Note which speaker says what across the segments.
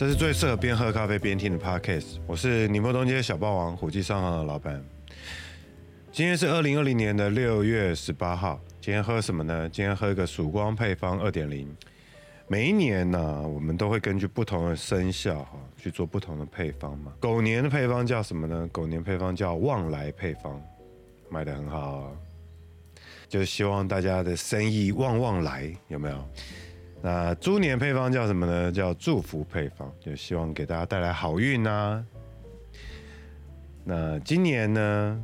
Speaker 1: 這是最適合邊喝咖啡邊聽的 podcast。我是寧波東街小霸王虎記商行的老闆。今天是二零二零年的六月十八號。今天喝什麼呢？今天喝一個曙光配方二點零。每一年呢、啊，我們都會根據不同的生肖去做不同的配方嘛。狗年的配方叫什麼呢？狗年配方叫旺來配方，賣得很好，哦。就希望大家的生意旺旺來，有沒有？那豬年配方叫什麼呢？叫祝福配方，就希望給大家帶來好運啊。那今年呢，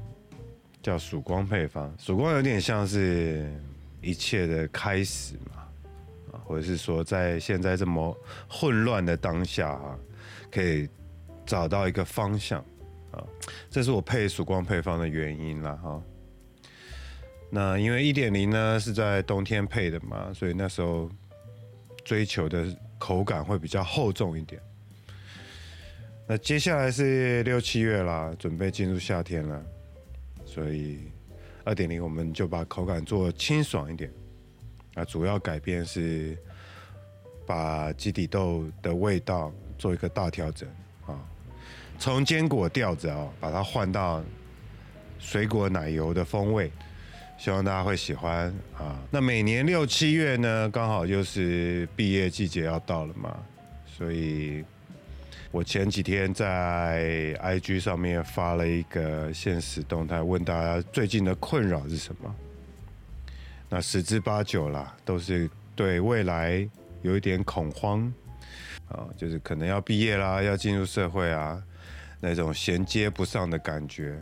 Speaker 1: 叫曙光配方。曙光有點像是一切的開始嘛，或者是說在現在這麼混亂的當下啊，可以找到一個方向啊，這是我配曙光配方的原因啦哈。那因為一點零呢是在冬天配的嘛，所以那時候，追求的口感會比較厚重一點。那接下來是六七月啦，準備進入夏天了，所以二點零我們就把口感做清爽一點。啊，主要改變是把基底豆的味道做一個大調整啊，哦，從堅果調子啊，把它換到水果奶油的風味。希望大家會喜歡啊！那每年六七月呢，剛好就是畢業季節要到了嘛，所以我前幾天在 IG 上面發了一個限時動態，問大家最近的困擾是什麼？那十之八九啦，都是對未來有一點恐慌啊，就是可能要畢業啦，要進入社會啊，那種銜接不上的感覺。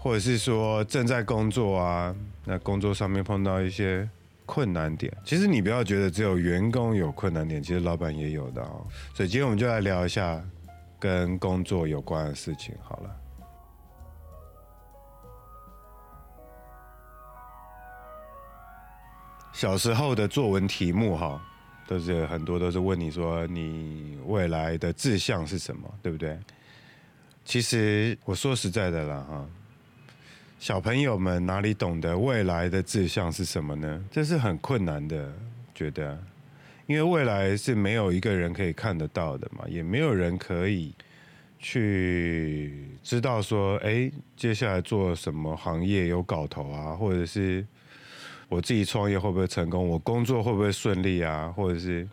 Speaker 1: 或者是說正在工作啊，那工作上面碰到一些困難點，其實你不要覺得只有員工有困難點，其實老闆也有的哦。所以今天我們就來聊一下跟工作有關的事情，好了。小時候的作文題目哈，都是很多都是問你說你未來的志向是什麼，對不對？其實我說實在的啦，哈。小朋友們哪裡懂得未來的志向是什麼呢？這是很困難的，覺得啊，因為未來是沒有一個人可以看得到的嘛，也沒有人可以去知道說，哎，接下來做什麼行業有搞頭啊，或者是我自己創業會不會成功，我工作會不會順利啊，或者是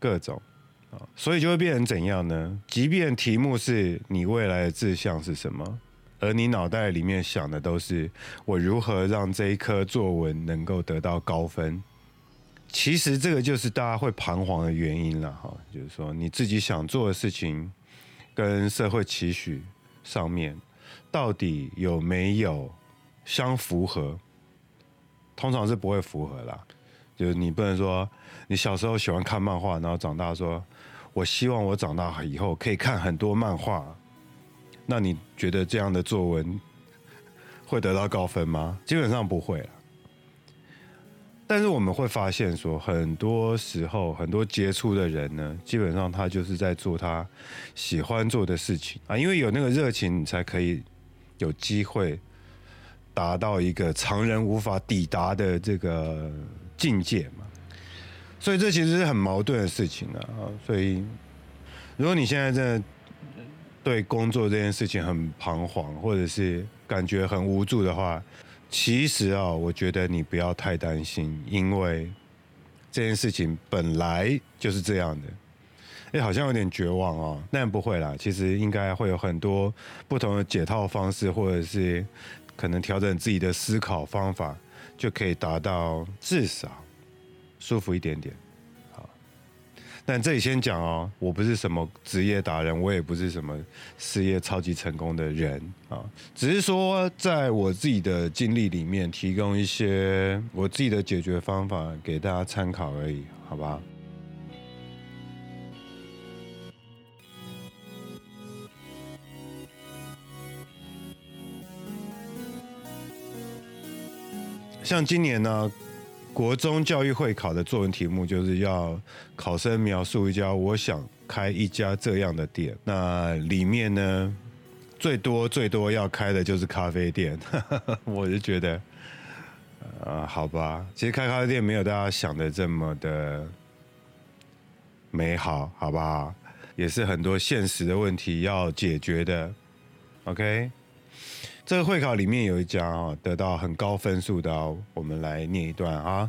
Speaker 1: 各種啊，所以就會變成怎樣呢？即便題目是你未來的志向是什麼？而你腦袋裡面想的都是我如何讓這一科作文能夠得到高分，其實這個就是大家會彷徨的原因了哈。就是說你自己想做的事情跟社會期許上面到底有沒有相符合，通常是不會符合啦。就是你不能說你小時候喜歡看漫畫，然後長大說我希望我長大以後可以看很多漫畫。那你覺得這樣的作文會得到高分嗎？基本上不會。但是我們會發現，說很多時候很多傑出的人呢，基本上他就是在做他喜歡做的事情啊，因為有那個熱情，你才可以有機會達到一個常人無法抵達的這個境界嘛。所以這其實是很矛盾的事情啊。所以如果你現在在……對工作這件事情很彷徨，或者是感覺很無助的話，其實啊，我覺得你不要太擔心，因為這件事情本來就是這樣的。哎，好像有點絕望哦，那不會啦，其實應該會有很多不同的解套方式，或者是可能調整自己的思考方法，就可以達到至少舒服一點點。但這裡先講哦，我不是什麼職業達人，我也不是什麼事業超級成功的人啊，只是說在我自己的經歷裡面提供一些我自己的解決方法給大家參考而已，好吧？像今年呢，國中教育會考的作文題目就是要考生描述一家我想開一家這樣的店，那裡面呢，最多最多要開的就是咖啡店。 我就覺得，啊、呃，好吧，其實開咖啡店沒有大家想的這麼的美好，好不好？也是很多現實的問題要解決的。OK。這個會考裡面有一講啊，得到很高分數的。我們來念一段啊。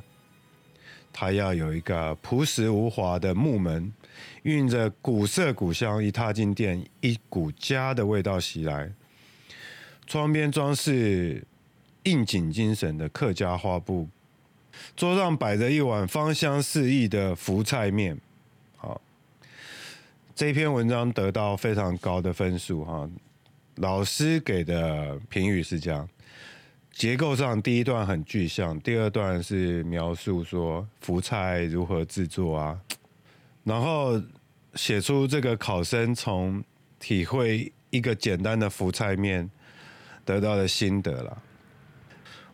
Speaker 1: 它要有一個樸實無華的木門，韻着古色古香。一踏進店，一股家的味道襲來。窗邊裝飾應景精神的客家花布，桌上擺着一碗芳香四溢的福菜面、哦。這篇文章得到非常高的分數、哦老師給的評語是這樣：結構上，第一段很具象，第二段是描述說福菜如何制作啊，然後寫出這個考生從體會一個簡單的福菜麵得到的心得了。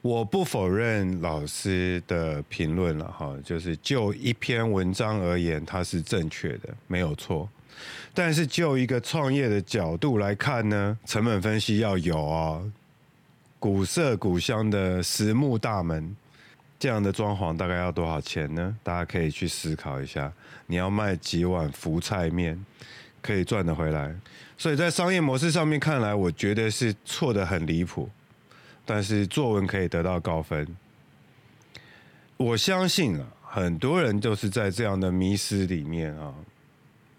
Speaker 1: 我不否認老師的評論了哈，就是就一篇文章而言，它是正確的，沒有錯。但是，就一個創業的角度來看呢，成本分析要有啊、哦。古色古香的實木大門，這樣的裝潢大概要多少錢呢？大家可以去思考一下。你要賣幾碗福菜麵可以賺得回來？所以在商業模式上面看來，我覺得是錯得很離譜。但是作文可以得到高分。我相信啊，很多人就是在這樣的迷思裡面啊。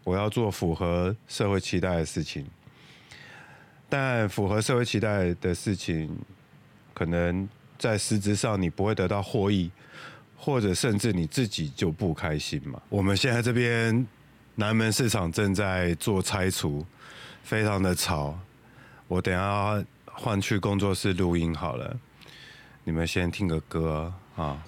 Speaker 1: 我要做符合社會期待的事情，但符合社會期待的事情，可能在實質上你不會得到獲益，或者甚至你自己就不開心嘛。我們現在這邊南門市場正在做拆除，非常的吵。我等一下換去工作室錄音好了，你們先聽個歌啊。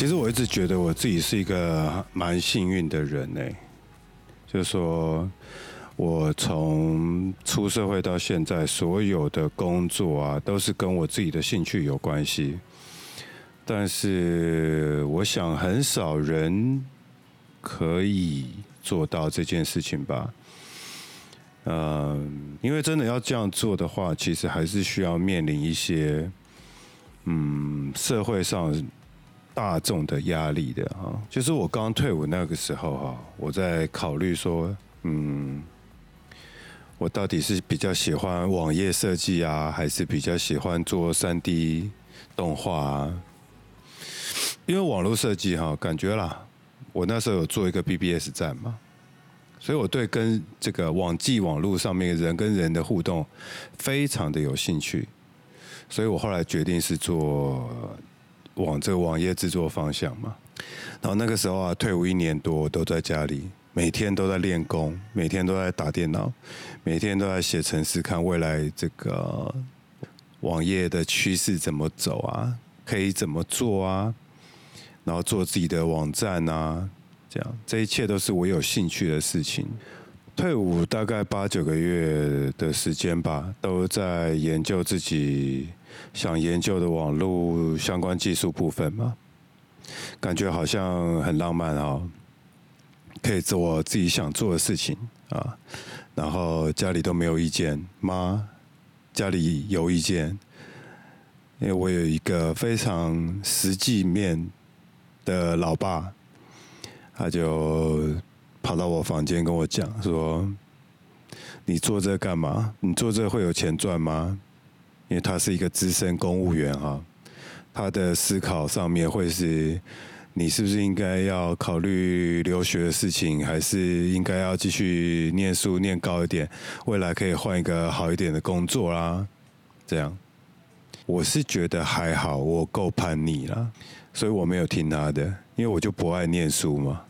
Speaker 1: 其實我一直覺得我自己是一個蠻幸運的人呢、欸，就是說我從出社會到現在，所有的工作啊，都是跟我自己的興趣有關係。但是我想，很少人可以做到這件事情吧。嗯，因為真的要這樣做的話，其實還是需要面臨一些，嗯，社會上。大眾的壓力的哈，就是我剛退伍那個時候哈，我在考慮說，嗯，我到底是比較喜歡網頁設計啊，還是比較喜歡做 3D 動畫啊？因為網絡設計哈，感覺啦，我那時候有做一個 BBS 站嘛，所以我對跟這個網際網絡上面人跟人的互動非常的有興趣，所以我後來決定是做。往這個網頁制作方向嘛，然後那個時候啊，退伍一年多都在家裡，每天都在練功，每天都在打電腦，每天都在寫程式，看未來這個網頁的趨勢怎麼走啊，可以怎麼做啊，然後做自己的網站啊，這樣，這一切都是我有興趣的事情。退伍大概八九個月的時間吧，都在研究自己。想研究的網絡相關技術部分嘛，感覺好像很浪漫哦、喔，可以做我自己想做的事情啊。然後家裡都沒有意見，媽家裡有意見，因為我有一個非常實際面的老爸，他就跑到我房間跟我講說：“你做這幹嘛？你做這會有錢賺嗎？”因為他是一個資深公務員哈，他的思考上面會是，你是不是應該要考慮留學的事情，還是應該要繼續念書念高一點，未來可以換一個好一點的工作啦，這樣。我是覺得還好，我夠叛逆了，所以我沒有聽他的，因為我就不愛念書嘛，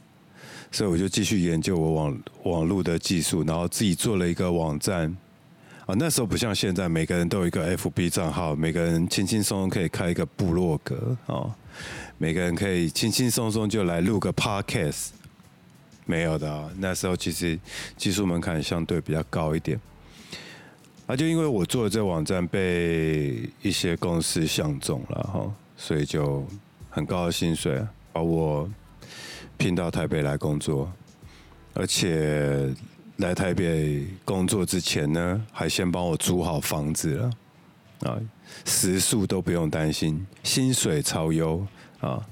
Speaker 1: 所以我就繼續研究我網網路的技術，然後自己做了一個網站。啊，那時候不像現在，每個人都有一個 FB 賬號，每個人輕輕鬆鬆可以開一個部落格啊，每個人可以輕輕鬆鬆就來錄個 Podcast，沒有的，那時候其實技術門檻相對比較高一點，啊，就因為我做的這網站被一些公司相中了哈，所以就很高的薪水把我聘到台北來工作，而且。來台北工作之前呢，還先幫我租好房子了，啊，食宿都不用擔心，薪水超優啊。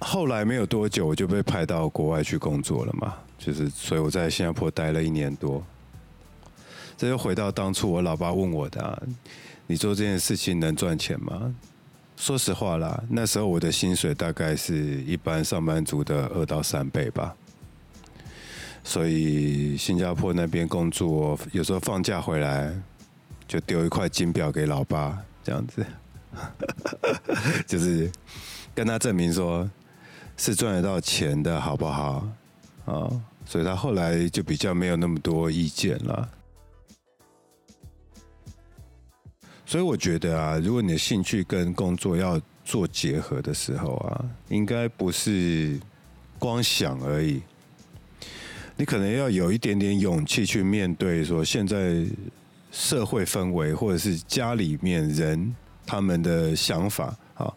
Speaker 1: 後來沒有多久，我就被派到國外去工作了嘛，就是所以我在新加坡待了一年多。這又回到當初我老爸問我的啊，你做這件事情能賺錢嗎？說實話啦，那時候我的薪水大概是一般上班族的二到三倍吧。所以新加坡那邊工作，有時候放假回來就丟一塊金錶給老爸，這樣子， 就是跟他證明說是賺得到錢的，好不好？啊，所以他後來就比較沒有那麼多意見了。所以我覺得啊，如果你的興趣跟工作要做結合的時候啊，應該不是光想而已。你可能要有一點點勇氣去面對，說現在社會氛圍，或者是家裡面人他們的想法啊。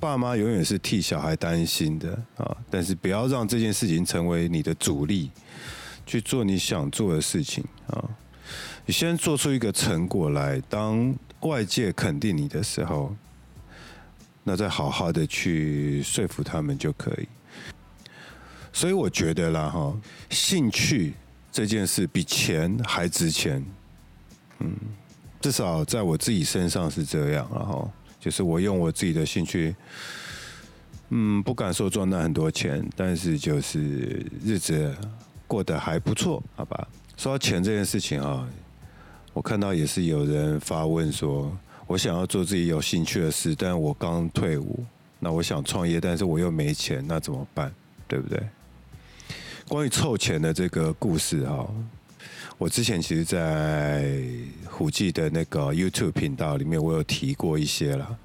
Speaker 1: 爸媽永遠是替小孩擔心的啊，但是不要讓這件事情成為你的阻力，去做你想做的事情啊。你先做出一個成果來，當外界肯定你的時候，那再好好的去說服他們就可以。所以我覺得啦，哈，興趣這件事比錢還值錢，嗯，至少在我自己身上是這樣，然後就是我用我自己的興趣，嗯，不敢說賺到很多錢，但是就是日子過得還不錯，好吧？說到錢這件事情，啊，我看到也是有人發問說，我想要做自己有興趣的事，但是我剛退伍，那我想創業，但是我又沒錢，那怎麼辦？對不對？關於湊錢的這個故事啊、哦，我之前其實，在虎記的那個 YouTube 頻道裡面，我有提過一些啦。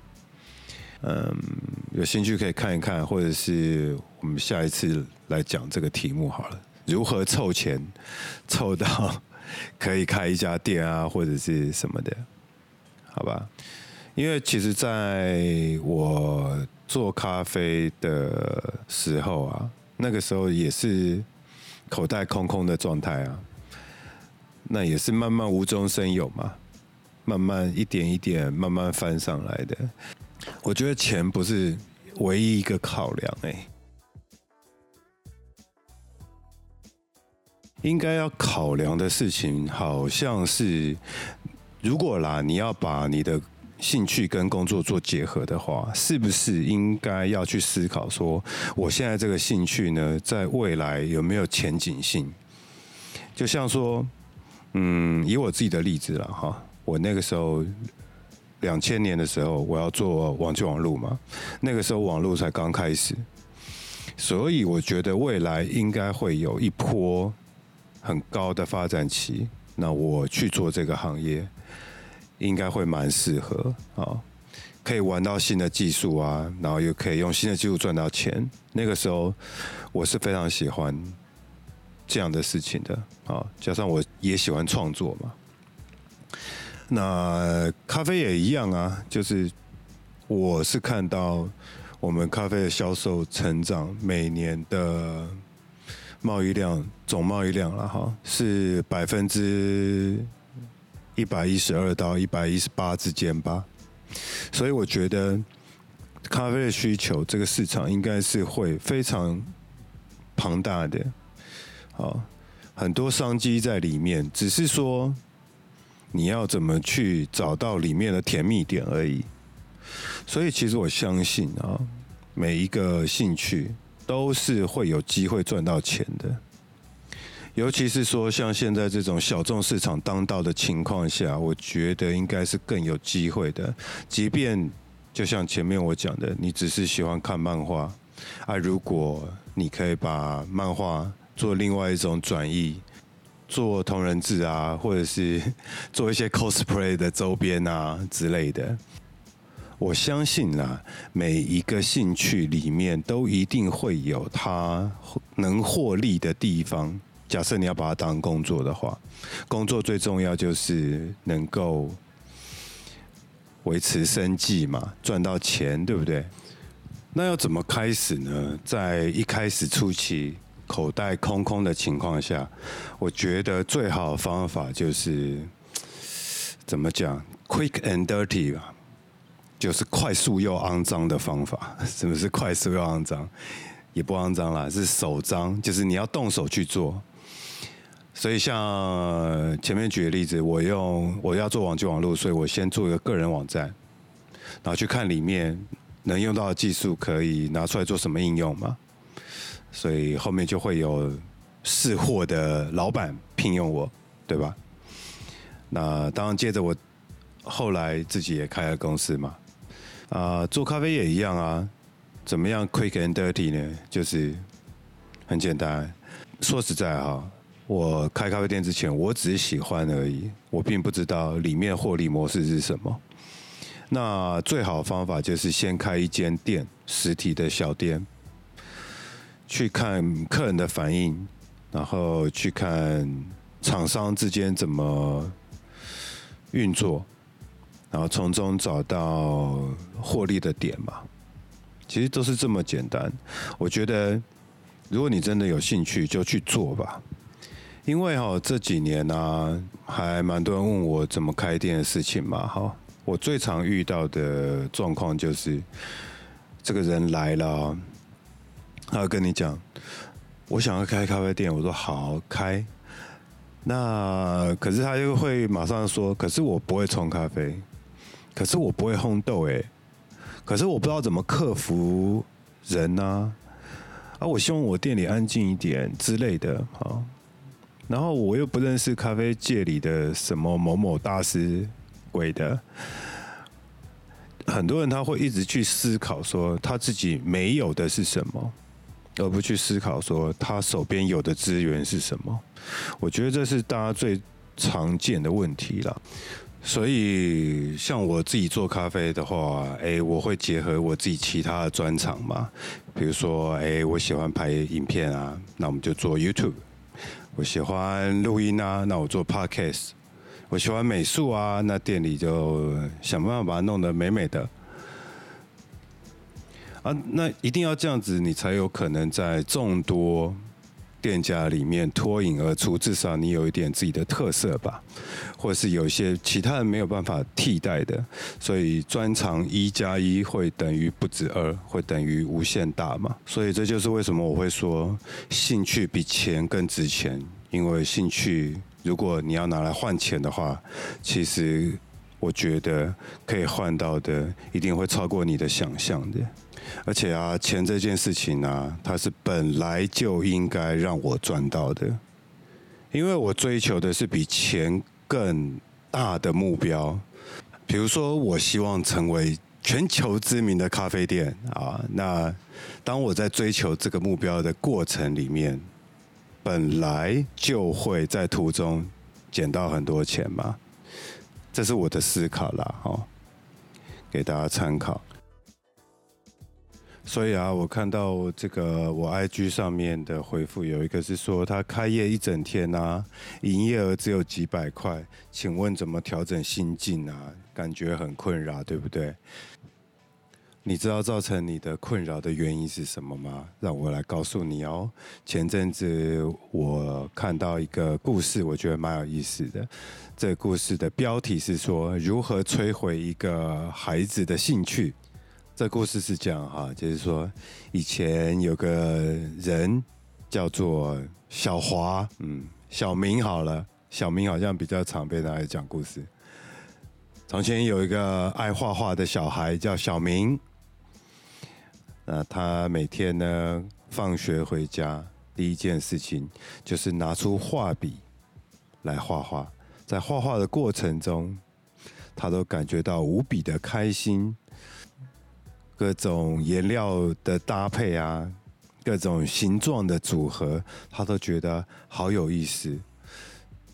Speaker 1: 嗯，有興趣可以看一看，或者是我們下一次來講這個題目好了，如何湊錢湊到可以開一家店啊，或者是什麼的，好吧？因為其實，在我做咖啡的時候啊。那個時候也是口袋空空的狀態啊，那也是慢慢無中生有嘛，慢慢一點一點慢慢翻上來的。我覺得錢不是唯一一個考量誒、欸，應該要考量的事情好像是，如果啦，你要把你的。興趣跟工作做結合的話，是不是應該要去思考說，我現在這個興趣呢，在未來有沒有前景性？就像說，嗯，以我自己的例子啦哈，我那個時候兩千年的時候，我要做網際網路嘛，那個時候網路才剛開始，所以我覺得未來應該會有一波很高的發展期。那我去做這個行業。應該會蠻適合，好，可以玩到新的技術啊，然後又可以用新的技術賺到錢。那個時候我是非常喜歡這樣的事情的，好，加上我也喜歡創作嘛。那咖啡也一樣啊，就是我是看到我們咖啡的銷售成長，每年的貿易量、總貿易量了哈，是百分之。一百一十二到一百一十八之間吧，所以我覺得咖啡的需求這個市場應該是會非常龐大的，很多商機在裡面，只是說你要怎麼去找到裡面的甜蜜點而已。所以，其實我相信啊，每一個興趣都是會有機會賺到錢的。尤其是說，像現在這種小眾市場當道的情況下，我覺得應該是更有機會的。即便就像前面我講的，你只是喜歡看漫畫，啊，如果你可以把漫畫做另外一種轉譯，做同人志啊，或者是做一些 cosplay 的周邊啊之類的，我相信啊，每一個興趣裡面都一定會有它能獲利的地方。假設你要把它當工作的話，工作最重要就是能夠維持生計嘛，賺到錢，對不對？那要怎麼開始呢？在一開始初期，口袋空空的情況下，我覺得最好的方法就是怎麼講，quick and dirty 吧，就是快速又骯髒的方法。什麼是快速又骯髒？也不骯髒啦，是手髒，就是你要動手去做。所以像前面舉的例子，我用我要做網際網絡，所以我先做一個個人網站，然後去看裡面能用到的技術可以拿出來做什麼應用嘛？所以後面就會有試貨的老闆聘用我，對吧？那當然，接着我後來自己也開了公司嘛。啊、呃，做咖啡也一樣啊，怎麼樣 quick and dirty 呢？就是很簡單。說實在哈、哦。我開咖啡店之前，我只是喜歡而已，我並不知道裡面獲利模式是什麼。那最好方法就是先開一間店，實體的小店，去看客人的反應，然後去看廠商之間怎麼運作，然後從中找到獲利的點嘛。其實都是這麼簡單。我覺得，如果你真的有興趣，就去做吧。因為哈、哦、這幾年呢、啊，還蠻多人問我怎麼開店的事情嘛。我最常遇到的狀況就是，這個人來了，他要跟你講，我想要開咖啡店。我說好，開。那可是他又會馬上說，可是我不會沖咖啡，可是我不會烘豆哎，可是我不知道怎麼克服人吶、啊，啊，我希望我店裡安靜一點之類的，好。然後我又不認識咖啡界裡的什麼某某大師，鬼的。很多人他會一直去思考說他自己沒有的是什麼，而不去思考說他手邊有的資源是什麼。我覺得這是大家最常見的問題了。所以像我自己做咖啡的話，誒，我會結合我自己其他的專長嘛。比如說，誒，我喜歡拍影片啊，那我們就做 YouTube。我喜歡錄音啊，那我做 podcast。我喜歡美術啊，那店裡就想辦法把它弄得美美的。啊，那一定要這樣子，你才有可能在眾多店家裡面脫穎而出，至少你有一點自己的特色吧，或者是有一些其他人沒有辦法替代的，所以專長一加一會等於不止二，會等於無限大嘛。所以這就是為什麼我會說，興趣比錢更值錢，因為興趣如果你要拿來換錢的話，其實我覺得可以換到的一定會超過你的想象的。而且啊，錢這件事情呢，它是本來就應該讓我賺到的，因為我追求的是比錢更大的目標，比如說我希望成為全球知名的咖啡店啊。那當我在追求這個目標的過程裡面，本來就會在途中撿到很多錢嘛，這是我的思考啦，好、哦，給大家參考。所以啊，我看到這個我 IG 上面的回復有一個是說，他開業一整天啊，營業額只有幾百塊，請問怎麼調整心境啊？感覺很困擾，對不對？你知道造成你的困擾的原因是什麼嗎？讓我來告訴你哦。前陣子我看到一個故事，我覺得蠻有意思的。這個故事的標題是說，如何摧毀一個孩子的興趣。這故事是講哈、啊，就是說，以前有個人叫做小華，嗯，小明好了，小明好像比較常被他來講故事。從前有一個愛畫畫的小孩叫小明，那他每天呢，放學回家，第一件事情就是拿出畫筆來畫畫，在畫畫的過程中，他都感覺到無比的開心。各種顏料的搭配啊，各種形狀的組合，他都覺得好有意思，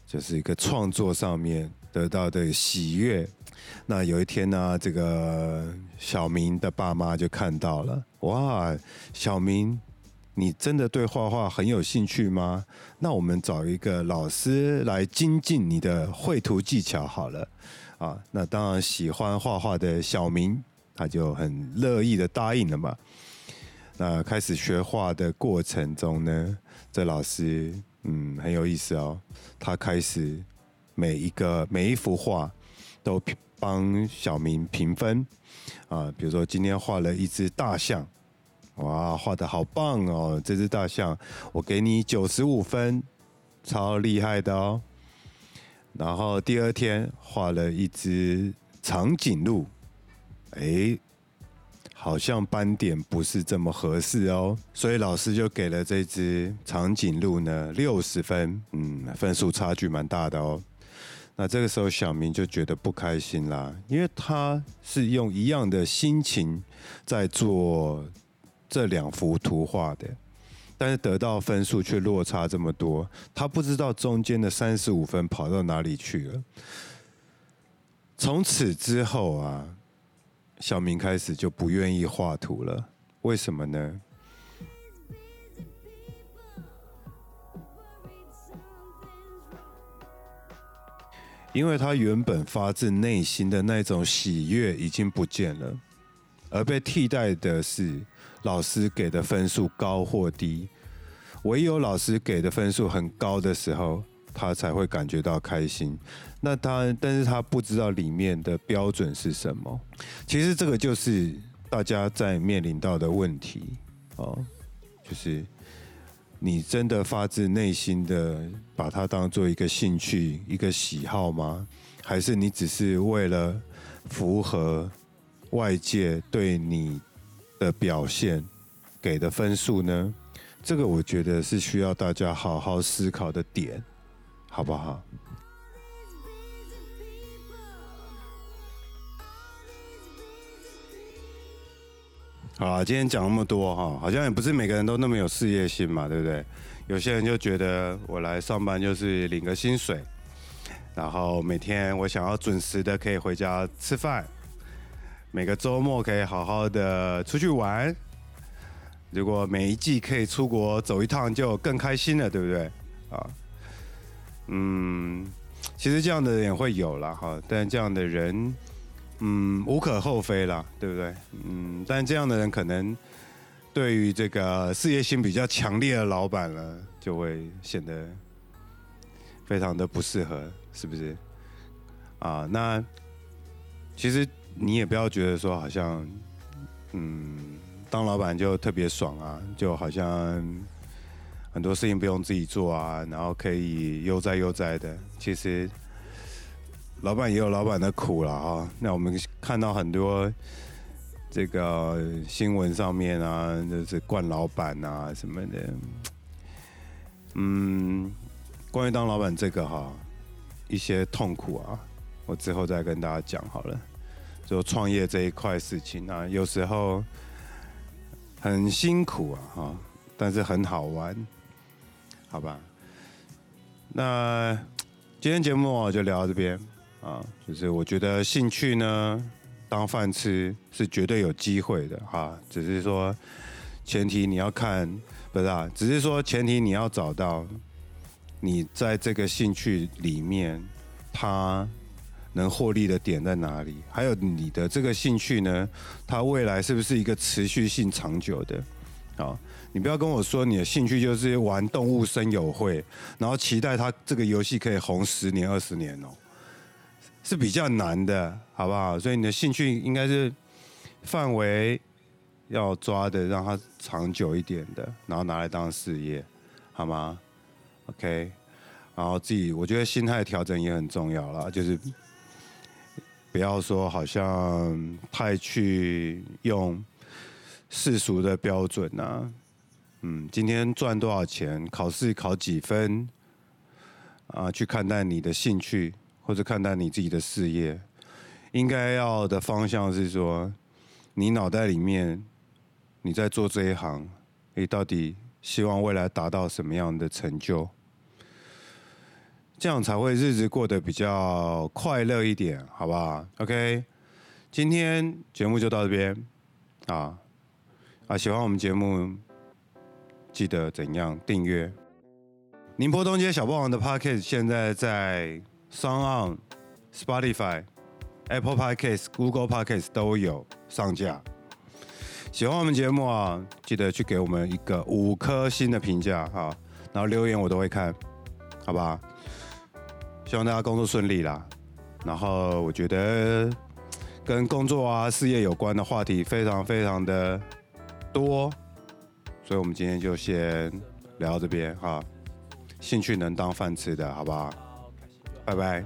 Speaker 1: 就是一個創作上面得到的喜悅。那有一天呢，啊，這個小明的爸媽就看到了，哇，小明，你真的對畫畫很有興趣嗎？那我們找一個老師來精進你的繪圖技巧好了。啊，那當然喜歡畫畫的小明。他就很樂意的答應了嘛。那開始學畫的過程中呢，這老師嗯很有意思哦。他開始每一個每一幅畫都幫小明評分啊，比如說今天畫了一隻大象，哇，畫得好棒哦！這隻大象我給你九十五分，超厲害的哦。然後第二天畫了一隻長頸鹿。哎，好像斑點不是這麼合適哦，所以老師就給了這隻長頸鹿呢六十分。嗯，分數差距蠻大的哦。那這個時候，小明就覺得不開心啦，因為他是用一樣的心情在做這兩幅圖畫的，但是得到分數卻落差這麼多，他不知道中間的三十五分跑到哪裡去了。從此之後啊。小明開始就不願意畫圖了，為什麼呢？因為他原本發自內心的那種喜悅已經不見了，而被替代的是老師給的分數高或低。唯有老師給的分數很高的時候，他才會感覺到開心。那他，但是他不知道裡面的標準是什麼。其實這個就是大家在面臨到的問題哦，就是你真的發自內心的把它當做一個興趣、一個喜好嗎？還是你只是為了符合外界對你的表現給的分數呢？這個我覺得是需要大家好好思考的點。好不好？好啊，今天講那麼多哈，好像也不是每個人都那麼有事業心嘛，對不對？有些人就覺得我來上班就是領個薪水，然後每天我想要準時的可以回家吃飯，每個周末可以好好的出去玩，如果每一季可以出國走一趟就更開心了，對不對？啊。嗯，其實這樣的人也會有了哈，但這樣的人，嗯，無可厚非了，對不對？嗯，但這樣的人可能對於這個事業心比較強烈的老闆呢，就會顯得非常的不適合，是不是？啊，那其實你也不要覺得說好像，嗯，當老闆就特別爽啊，就好像。很多事情不用自己做啊，然後可以悠哉悠哉的。其實，老闆也有老闆的苦了啊、哦。那我們看到很多這個新聞上面啊，就是慣老闆啊什麼的。嗯，關於當老闆這個哈、哦，一些痛苦啊，我之後再跟大家講好了。就創業這一塊事情啊，有時候很辛苦啊哈，但是很好玩。好吧，那今天節目，喔，就聊到這邊啊，就是我覺得興趣呢當飯吃是絕對有機會的哈，啊，只是說前提你要看不是啊，只是說前提你要找到你在這個興趣裡面它能獲利的點在哪裡，還有你的這個興趣呢，它未來是不是一個持續性長久的啊？你不要跟我說你的興趣就是玩動物森友會，然後期待他這個遊戲可以紅十年二十年哦、喔，是比較難的，好不好？所以你的興趣應該是範圍要抓的，讓它長久一點的，然後拿來當事業，好嗎？OK，然後自己我覺得心態調整也很重要啦，就是不要說好像太去用世俗的標準啊。嗯，今天賺多少錢？考試考幾分？啊，去看待你的興趣，或者看待你自己的事業，應該要的方向是說，你腦袋裡面，你在做這一行，你到底希望未來達到什麼樣的成就？這樣才會日子過得比較快樂一點，好不好？OK，今天節目就到這邊，啊，啊，喜歡我們節目。記得怎樣訂閱《寧波東街小霸王》的 Podcast 現在在 SoundOn、Spotify、Apple Podcasts、Google Podcasts 都有上架。喜歡我們節目啊，記得去給我們一個五顆星的評價啊，然後留言我都會看，好吧？希望大家工作順利啦。然後我覺得跟工作啊、事業有關的話題非常非常的多。所以，我們今天就先聊到這邊哈。興趣能當飯吃的好不好？拜拜。